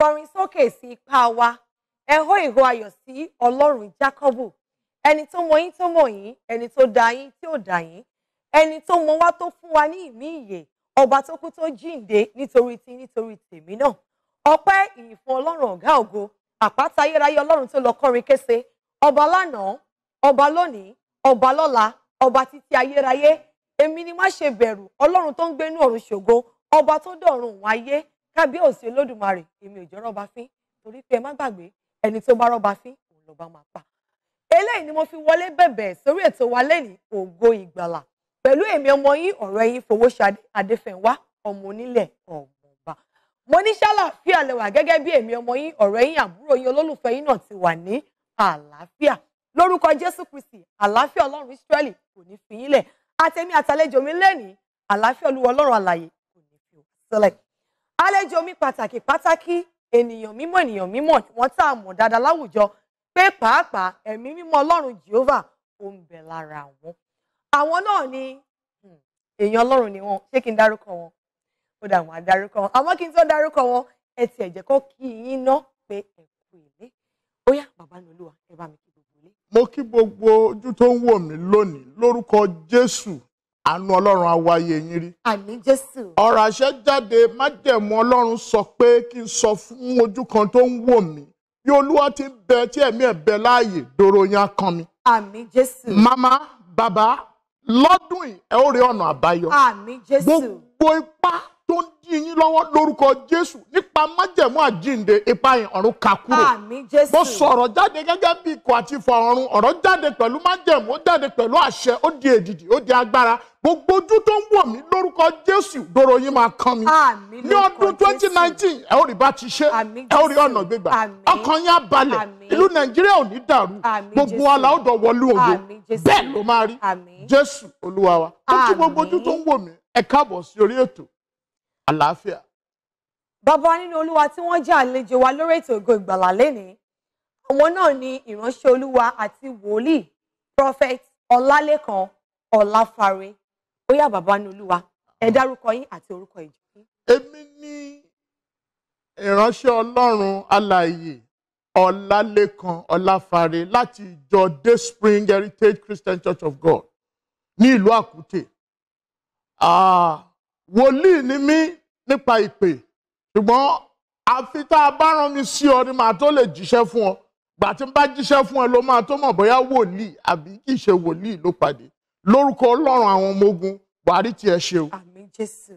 kọrin sókè sí ipá wa ẹ hó ìhó ayọ̀ sí ọlọ́run Jákọ́bù ẹni tó mọ yín tó mọ yín ẹni tó dá yín tí ò dá yín ẹni tó mọ wá tó fún wa ní ìmí ìyè ọba tó kú tó jíǹde nítorí ti nítorí tèmi náà ọpẹ́ ìyìn fún ọlọ́run ọ̀gá ògo àpáta ayérayé ọlọ́run tó lọ kọrin kése ọba lánàá ọba lónìí ọba lọ́la ọba títí ayérayé èmi ni má ṣe bẹ̀rù ọlọ́run tó ń gbénú ọ̀run ṣògo ọba tó dọ̀run òun kábíyèsí olódùmarè èmi ò jọ rọ́bà fín torí pé ẹ má gbàgbé ẹni tó bá rọ́bà fín òun lọ́ba máa pa eléyìí ni mo fi wọlé bẹ̀bẹ̀ sórí ètò wa lẹ́ni ògo ìgbàlà pẹ̀lú èmi ọmọ yín ọ̀rọ̀ yín Fowóṣadé Adéfẹ̀wá ọmọ onílẹ̀ ọ̀gbọ̀nba mo ní ṣàlàáfíà lẹwà gẹ́gẹ́ bí èmi ọmọ yín ọ̀rọ̀ yín àbúrò yín olólùfẹ́ yín náà ti wà ní àlàáfíà lórúkọ Jésù Kristi àlàáfíà Ọlọ́run Ísírẹ́lì kò ní fi yín lẹ̀ àtẹ̀mí àtàlejò mi lẹ́ni àlàáfíà Olúwa Ọlọ́run àlàyé kò ní fi òkú sílẹ̀ àlejò mi pàtàkì pàtàkì ènìyàn mímọ́ ènìyàn mímọ́ wọn tá a mọ̀ dáadáa láwùjọ pé pàápàá ẹ̀mí mímọ́ Ọlọ́run Jehovah ó ń bẹ lára wọn àwọn náà ni hmm, èèyàn Ọlọ́run ni wọn ṣé kí n dárúkọ wọn ó dà wọn á dárúkọ wọn àmọ́ kí n tó dárúkọ wọn ẹ ti ẹ̀jẹ̀ kọ́ kí yín ná pé ẹ kú ilé ó bàbá ní olúwa ẹ bá mi kí gbogbo ilé. mo kí gbogbo ojú tó ń wò mí lónìí lórúkọ Jésù àánú ọlọ́run á wáyé yín rí. àmín jésù. ọ̀rọ̀ àṣẹ jáde májẹ̀mú ọlọ́run sọ pé kí n sọ fún ojú kan tó ń wò mí bí olúwa ti ń bẹ tí ẹ̀mí ẹ̀ bẹ láàyè dòrò yẹn kan mi. àmín jésù. màmá bàbá lọ́dún yìí ẹ ó rí ọ̀nà àbáyọ. àmín jésù. gbogbo ipá dí yín lọ́wọ́ lórúkọ Jésù nípa májẹ̀mú àjínde ipa ọ̀run kà kúrò. Àmín Jésù. Mo sọ̀rọ̀ jáde gẹ́gẹ́ bí ikọ̀ àti ìfọ̀ ọ̀run ọ̀rọ̀ jáde pẹ̀lú májẹ̀mú ó jáde pẹ̀lú àṣẹ ó di èdìdì ó di agbára gbogbo ojú tó ń wò mí lórúkọ Jésù dòrò yín máa kàn mí. Àmín lórúkọ Jésù. Ní ọdún twenty nineteen ẹ ó rí bá ti ṣe ẹ ó rí ọ̀nà gbégbà ọkàn yín á balẹ̀ ìlú Nàìjíríà ò ní dàrú gbogbo àlà ó dọ̀ wọlú òye bẹ́ẹ̀ ló máa rí Jésù Olúwa wa. Ó tún gbogbo ojú tó ń wò mí ẹ káàbọ̀ sí orí ètò àlàáfíà. bàbá nínú olúwa tí wọ́n jẹ́ àlejò wa lórí ètò ògo ìgbàlà lénìí àwọn náà ni ìránṣẹ́ olúwa àti wòlíì prophet ọlálẹ́kan ọláfáre ó yá bàbá nínú olúwa ẹ dárúkọ yín àti orúkọ ìjọ yín. èmi ni ìránṣẹ́ ọlọ́run alààyè ọlálẹ́kan ọláfáre láti ìjọ day spring heritage christian church of god ní ìlú àkútè. Ah, wòlíì ni mí nípa ìpè ṣùgbọ́n àfi tá a bá rán mi sí ọ ni màá tó lè jíṣẹ́ fún ọ gbà tí n bá jíṣẹ́ fún ẹ ló máa tó mọ̀ bóyá wòlíì àbí kì í ṣe wòlíì ló pàdé lórúkọ ọlọ́run àwọn ọmọ ogun buhari tiẹ̀ ṣe o. àmín jésù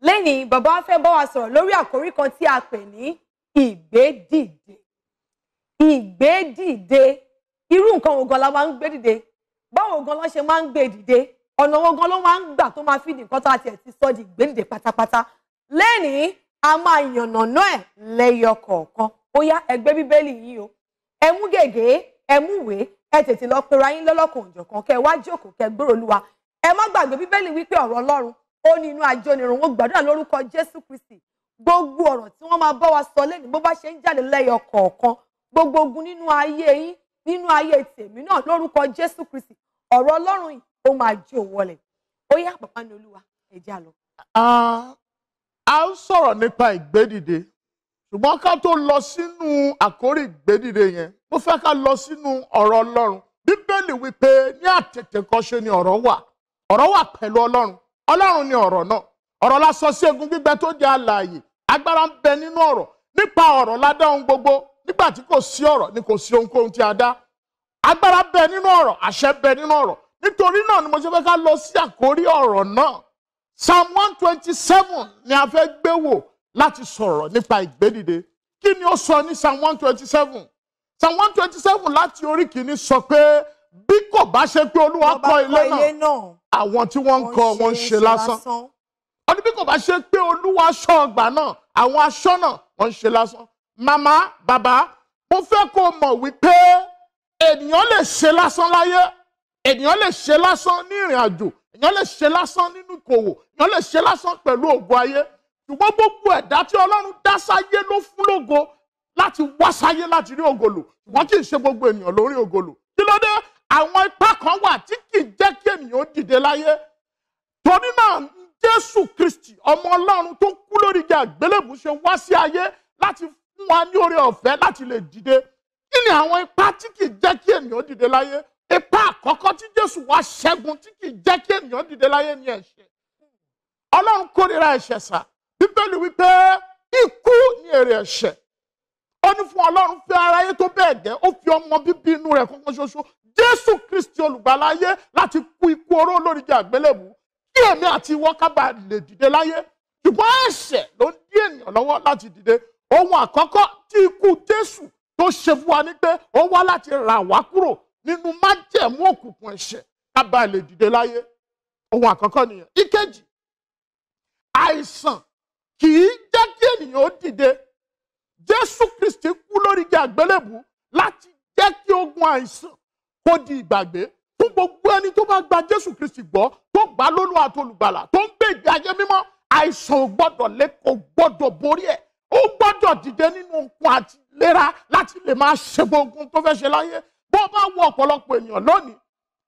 lẹ́yìn bàbá wa fẹ́ bá wa sọ̀rọ̀ lórí àkórí kan tí a pè ní ìgbédìde ìgbédìde irú nǹkan wo gan la máa ń gbé báwo gan la ṣe máa ń gbé ọ̀nà wo gan ló máa ń gbà tó máa fi nǹkan tá a tiẹ̀ ti sọ di ìgbédìde pátápátá lẹ́nìí a máa yànnàná ẹ̀ lẹ́yọ kọ̀ọ̀kan ó yá ẹgbẹ́ bíbélì yìí o ẹ mú gègé ẹ mú ìwé ẹ tètè lọ pera yín lọ́lọ́kan òjọ̀kan kẹ wá jókòó kẹ gbọ́rọ̀ Olúwa ẹ má gbàgbé bíbélì wípé ọ̀rọ̀ Ọlọ́run ó ní inú àjọnirun wọn gbàdúrà lórúkọ Jésù Kristi gbogbo ọ̀rọ̀ tí wọ́n máa bá wa sọ lẹ́nu bó bá ṣe ń jáde lẹ́yọ kọ̀ọ̀kan gbogbo ogun nínú ayé yín nínú ayé tèmi náà lórúkọ Jésù Kristi ọ̀rọ̀ Ọlọ́run yìí ó máa jó wọlẹ̀ ó yá pàpá ní Olúwa ẹ já lọ. Ah, a ń sọ̀rọ̀ nípa ìgbédìde ṣùgbọ́n ká tó lọ sínú àkórí ìgbédìde yẹn mo fẹ́ ká lọ sínú ọ̀rọ̀ ọlọ́run bíbélì wípé ní àtètèkọ́ṣe ni ọ̀rọ̀ wà ọ̀rọ̀ wà pẹ̀lú ọlọ́run ọlọ́run ni ọ̀rọ̀ náà ọ̀rọ̀ la sọ sí egun gbígbẹ tó jẹ́ alààyè agbára ń bẹ nínú ọ̀rọ̀ nípa ọ̀rọ̀ la dá ohun gbogbo nígbà tí kò sí ọ̀rọ̀ ni kò sí ohunkóhun tí a dá agbára bẹ nínú ọ̀rọ̀ àṣẹ bẹ nínú ọ̀rọ̀ nítorí náà ni mo ṣe fẹ́ ká lọ sí àkórí ọ̀rọ̀ náà psalm one twenty seven ni a fẹ́ gbé wò láti sọ̀rọ̀ nípa ìgbédìde kí ni ó sọ ní psalm one twenty seven psalm one twenty seven láti orí kìíní sọ pé bí kò bá ṣe pé olúwa kọ́ ilé náà àwọn tí wọ́n ń kọ́ wọn ń ṣe lásán ó ní bí kò bá ṣe pé olúwa ṣọ́ ọgbà náà àwọn aṣọ́nà wọ́n ń ṣe lásán màmá bàbá mo fẹ́ kó mọ̀ wípé ènìyàn lè ṣe lásán láyé ènìyàn lè ṣe lásán ní ìrìn àjò ènìyàn lè ṣe lásán nínú ìkòwò èèyàn lè ṣe lásán pẹ̀lú ògo ayé ṣùgbọ́n gbogbo ẹ̀dá tí ọlọ́run dá sáyé ló fún lógo láti wá sáyé láti rí ògo lò ṣùgbọ́n kì í ṣe gbogbo ènìyàn ló rí ògo lò kí ló dé àwọn ipá kan wà tí kì í jẹ́ kí ènìyàn dìde láyé torí náà jésù kristi ọmọ ọlọ́run tó kú lórí igi àgbélébùú ṣe wá sí ayé láti fún wa ní oore ọ̀fẹ́ láti lè dìde kí ni àwọn ipá tí kì í jẹ́ kí ènìyàn dìde láyé ipá àkọ́kọ́ tí jésù wá ṣẹ́gun tí kì í jẹ́ kí ènìyàn dìde láyé ni ẹ̀ṣẹ̀ ọlọ́run kórìíra ẹ̀ṣẹ̀ sá bíbélì wípé ikú ni èrè ẹ̀ṣẹ̀ ó ní fún ọlọ́run fẹ́ aráyé tó bẹ́ẹ̀ gẹ́ ó fi ọmọ bíbí inú rẹ̀ kankan ṣoṣo jésù kristi olùgbàláyé láti kú ikú oró lórí jẹ àgbélébù kí èmi àti ìwọ kábà lè dìde láyé ṣùgbọ́n ẹ̀ṣẹ̀ ló ń dí ènìyàn lọ́wọ́ láti dìde ohun àkọ́kọ́ tí ikú jésù tó ṣe fún wa ni pé ó wá láti rà wá kúrò nínú májẹ̀mú òkùnkùn ẹ̀ṣẹ̀ kábà lè dìde láyé ohun àkọ́kọ́ nìyẹn ìkejì àìsàn kì í jẹ́ kí ènìyàn ó dìde jésù kristi kú lórí igi àgbélébù láti jẹ́ kí ogun àìsàn kó di ìgbàgbé fún gbogbo ẹni tó bá gba jésù kristi gbọ́ tó gbà lólúwa àti olùgbàlà tó ń gbé ìgbé ayé mímọ́ àìsàn ò gbọ́dọ̀ lé kò gbọ́dọ̀ borí ẹ̀ ó gbọ́dọ̀ dìde nínú okun àti ìlera láti lè máa ṣe gbogbo tó fẹ́ ṣe láyé bó bá wo ọ̀pọ̀lọpọ̀ ènìyàn lónìí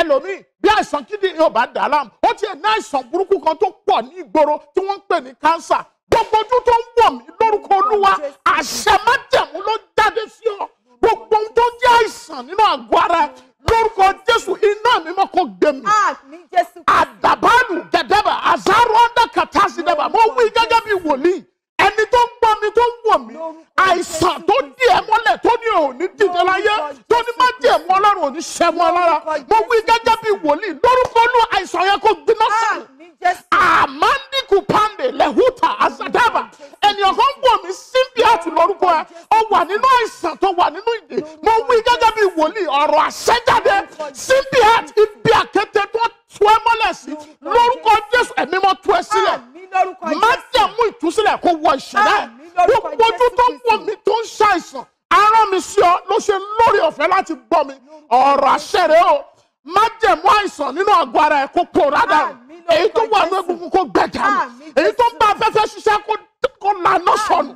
ẹlòmíì bí àìsàn kíndìnrín ò bá dà á láàmú ó tiẹ̀ ní àìsàn burúkú kan tó pọ̀ ní ìgboro tí wọ́n ń pè ní kánsà gbogbo ojú tó ń wọ̀ mí lórúkọ olúwa oh, àṣẹ májẹ̀mú ló jáde sí ọ gbogbo ohun tó jẹ́ àìsàn nínú àgọ́ ara lórúkọ jésù iná mi mọ́ kó gbé mi ah, gẹ̀dẹ́bà àzárọ́ wà nínú àìsàn tó wà nínú ìdè mo wí gẹ́gẹ́ bí wòlíì ọ̀rọ̀ àṣẹjáde síbi àti ibi àkété tó tú ẹ mọ́lẹ̀ sí lórúkọ Jésù ẹ̀mí mọ́ tú ẹ sílẹ̀ má jẹ̀mú ìtúsílẹ̀ kó wọ ìṣúná gbogbo ojú tó ń wọ mi tó ń ṣàìsàn ara mi sí ọ ló ṣe lórí ọ̀fẹ́ láti gbọ́ mi ọ̀rọ̀ àṣẹ rẹ o má jẹ̀mú àìsàn nínú àgọ́ ara ẹ̀ kó pòórá dànù èyí tó wà ní egungun kó gbẹ̀jà mi èyí tó ń bá afẹ́fẹ́ ṣiṣẹ́ kó lànà sọnù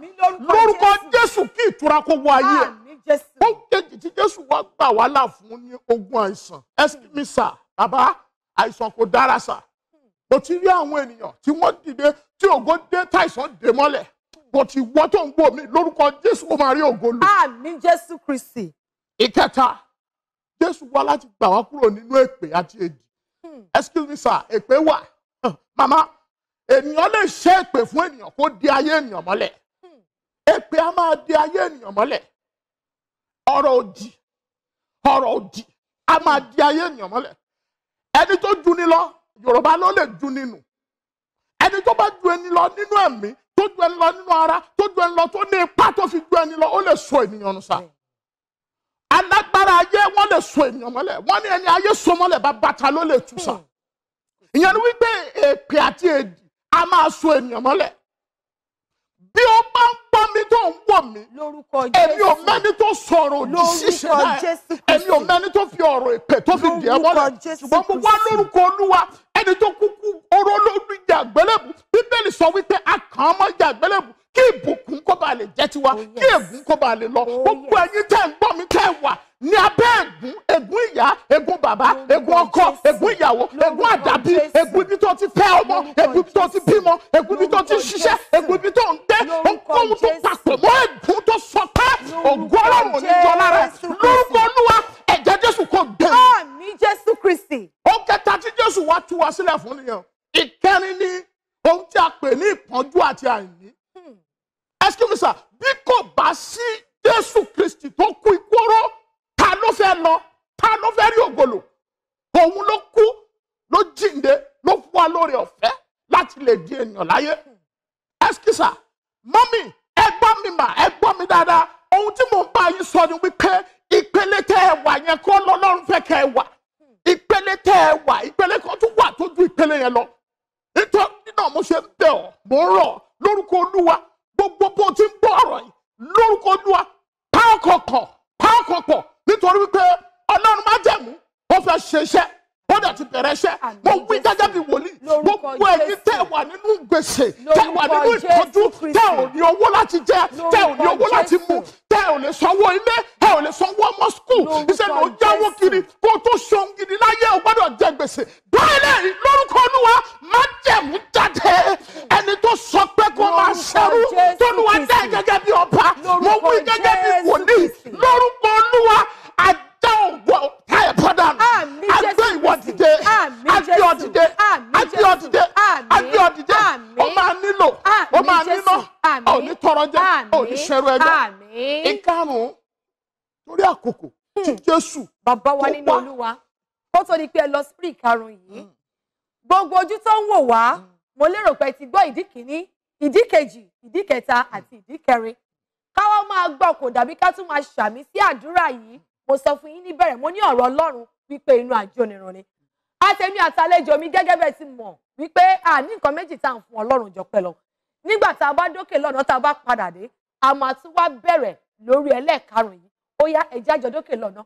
lórúkọ jésù kí ìtura kó wọ ayé ẹ ó kejì tí jésù wá gbà wá là fún ní ogun àìsàn ẹsìmísà bàbá àìsàn kò dára sà mo ti rí àwọn ènìyàn tí wọ́n dìde tí ògo dé táìsàn dè mọ́lẹ̀ bó ti wọ́ tó ń gbò mí lórúkọ jésù ó máa rí ògo lò. àmín jésù kristi. ìkẹta jésù wá láti gbà wá kúrò nínú èpè àti èdì hmm. excuse me sir èpè wà màmá ènìyàn lè ṣe èpè fún ènìyàn kó di ayé ènìyàn mọ́lẹ̀ èpè a máa di ayé ènìyàn mọ́lẹ̀ ọ̀rọ̀ òdì ọ̀rọ̀ òdì a máa di ayé ènìyàn mọ́lẹ̀ ẹni tó ju ni lọ Yorùbá ló lè ju ni nù ẹni tó bá ju ẹni lọ nínú ẹ̀mí tó ju ẹni lọ nínú ara tó ju ẹni lọ tó ní ipá tó fi ju ẹni lọ ó lè so ènìyàn nù sa alágbára ayé wọn lè so ènìyàn mọ́lẹ̀ wọn ní ẹni ayé so mọ́lẹ̀ bàbá ta ló lè tù sa ìyẹn ni wípé èpè àti èdì a máa so ènìyàn mọ́lẹ̀ bí ó bá ń gbọ́ mi tó ń wò mí èmi ò mẹ́ni tó sọ̀rọ̀ òjíṣẹ́ náà èmi ò mẹ́ni tó fi ọ̀rọ̀ èpè tó fi dìé mọ́lẹ̀ ṣùgbọ́n mo wá lórúkọ olúwa ẹni tó kúkú oró lórí jàgbélébù bíbélì sọ wípé a kàn án mọ́ jàgbélébù kí ìbùkún kó ba lè jẹ́ tiwa oh, kí ègún kó ba lè lọ oh, gbogbo ẹ̀yin tẹ́ ń gbọ́ mi tẹ́ wà ní abẹ́ ègún ègún ìyá ègún bàbá ègún ọkọ ègún ìyàwó ègún àdàbí ègún ibi tó ti fẹ́ ọmọ ègún ibi tó ti bímọ ègún ibi tó ti ṣiṣẹ́ ègún ibi tó ń dé ohunkóhun tó papọ̀ mọ́ ègún tó sọ pé ògùn ọlọ́run ò ní jọ lára ẹ̀ lórúkọ olúwa ẹ̀jẹ̀ jésù kò dé. àmì jésù kristi. ó kẹta tí jésù wá tú wa sílẹ̀ fún nìyẹn ìkẹrin ni ohun tí a pè ní ìpọ́njú àti àìní. Hmm. excuse me fẹ́ lọ ta ló fẹ́ rí ògbòlò òun ló kú ló jíǹde ló fún wa lóore ọ̀fẹ́ láti lè di ènìyàn láyé ẹsikísà mọ́mì ẹ gbọ́ mi mà ẹ gbọ́ mi dáadáa ohun tí mò ń bá yín sọ ni wípé ìpele tẹ́ ẹ wà yẹn kọ́ lọ́lọ́run fẹ́ kẹ́ ẹ wà ìpele tẹ́ ẹ wà ìpele kan tún wà tó ju ìpele yẹn lọ nítorí náà mo ṣe ń bẹ̀ ọ́ mo ń rọ̀ lórúkọ olúwa gbogbo bó ti ń bọ̀ ọ̀rọ̀ yìí lórúkọ olúwa ṣe iṣẹ́ bọ́dà ti bẹ̀rẹ̀ iṣẹ́ mo wí gẹ́gẹ́ bí wòlíì gbogbo ẹ̀yin tẹ́ wà nínú gbèsè tẹ́ wà nínú ìtọ́jú tẹ́ ò ní owó láti jẹ tẹ́ ò ní owó láti mu tẹ́ ò lè sanwó ilé tẹ́ ò lè sanwó ọmọ skul iṣẹ́ ló jáwó kiri kó o tó ṣohun gidi láyé o gbọ́dọ̀ jẹ gbèsè báyìí lórúkọ olúwa má jẹ̀mú jáde ẹni tó sọ pé kó máa ṣẹ́rú tó lùwà dẹ́ gẹ́gẹ́ bí ọba mo wí gẹ́gẹ́ bí wòlíì. ọ dìde adé ọ dìde ó máa nílò ó máa níná ó ní tọrọ jẹ ó ní ṣẹrú ẹgbẹ ìkarùn torí àkókò tí hmm. Jésù bàbá wa nínú Olúwa kó tó di pé ẹ lọ sí ìkarùn yìí hmm. gbogbo ojú tó ń wò wá hmm. mo lérò pé ti gbọ́ ìdí kìíní ìdí kejì ìdí kẹta àti ìdí kẹrin káwọn máa gbọ́ kò dàbí ká tún máa ṣàmì sí àdúrà yìí mo sọ fún yín níbẹ̀rẹ̀ mo ní ọ̀rọ̀ Ọlọ́run wípé inú àjò nìran ni àtẹ̀mí àtàlejò mi gẹ́gẹ́ bẹ́ẹ̀ ti mọ̀ wípé a ní nǹkan méjì tá à ń fún ọlọ́run jọpẹ́ lọ nígbà tá a bá dókè lọ́nà tá a bá padà dé a máa tún wá bẹ̀rẹ̀ lórí ẹlẹ́ẹ̀karùn-ún yìí ó yá ẹ̀já jọ dókè lọ́nà